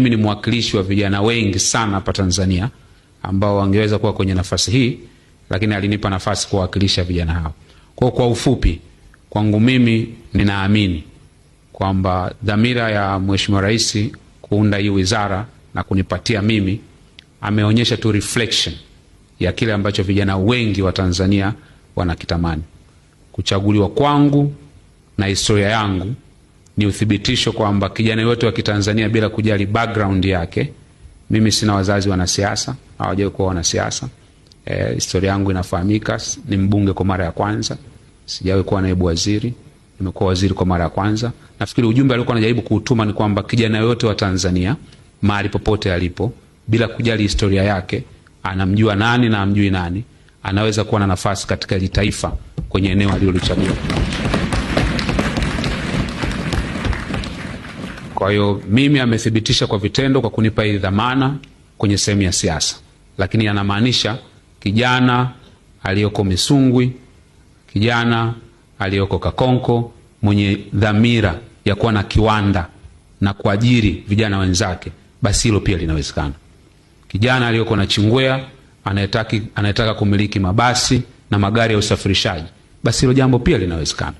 mimi ni mwakilishi wa vijana wengi sana hapa Tanzania ambao wangeweza kuwa kwenye nafasi hii, lakini alinipa nafasi kuwakilisha vijana hao. Kwa kwa ufupi, kwangu mimi ninaamini kwamba dhamira ya Mheshimiwa Rais kuunda hii wizara na kunipatia mimi, ameonyesha tu reflection ya kile ambacho vijana wengi wa Tanzania wanakitamani. Kuchaguliwa kwangu na historia yangu ni uthibitisho kwamba kijana yote wa Kitanzania bila kujali background yake, mimi sina wazazi wanasiasa, hawajawahi kuwa wanasiasa. E, historia yangu inafahamika, ni mbunge kwa mara ya kwanza, sijawahi kuwa naibu waziri, nimekuwa waziri kwa mara ya kwanza. Nafikiri ujumbe aliokuwa anajaribu kuutuma ni kwamba kijana yote wa Tanzania mahali popote alipo, bila kujali historia yake, anamjua nani na amjui nani, anaweza kuwa na nafasi katika hili taifa kwenye eneo alilolichagua. Kwa hiyo mimi amethibitisha kwa vitendo kwa kunipa hii dhamana kwenye sehemu ya siasa, lakini anamaanisha kijana aliyoko Misungwi, kijana aliyoko Kakonko mwenye dhamira ya kuwa na kiwanda na kuajiri vijana wenzake, basi hilo pia linawezekana. Kijana aliyoko na Chingwea anayetaki, anayetaka kumiliki mabasi na magari ya usafirishaji, basi hilo jambo pia linawezekana.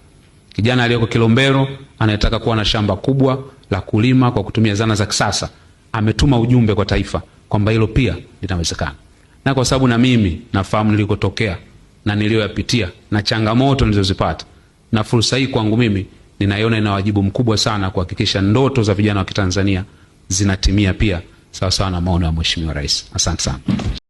Kijana aliyoko Kilombero anayetaka kuwa na shamba kubwa la kulima kwa kutumia zana za kisasa, ametuma ujumbe kwa taifa kwamba hilo pia linawezekana. Na kwa sababu na mimi nafahamu nilikotokea na niliyoyapitia na changamoto nilizozipata, na fursa hii kwangu mimi ninaiona ina wajibu mkubwa sana kuhakikisha ndoto za vijana wa Kitanzania zinatimia pia sawasawa na maono ya Mheshimiwa Rais. Asante sana.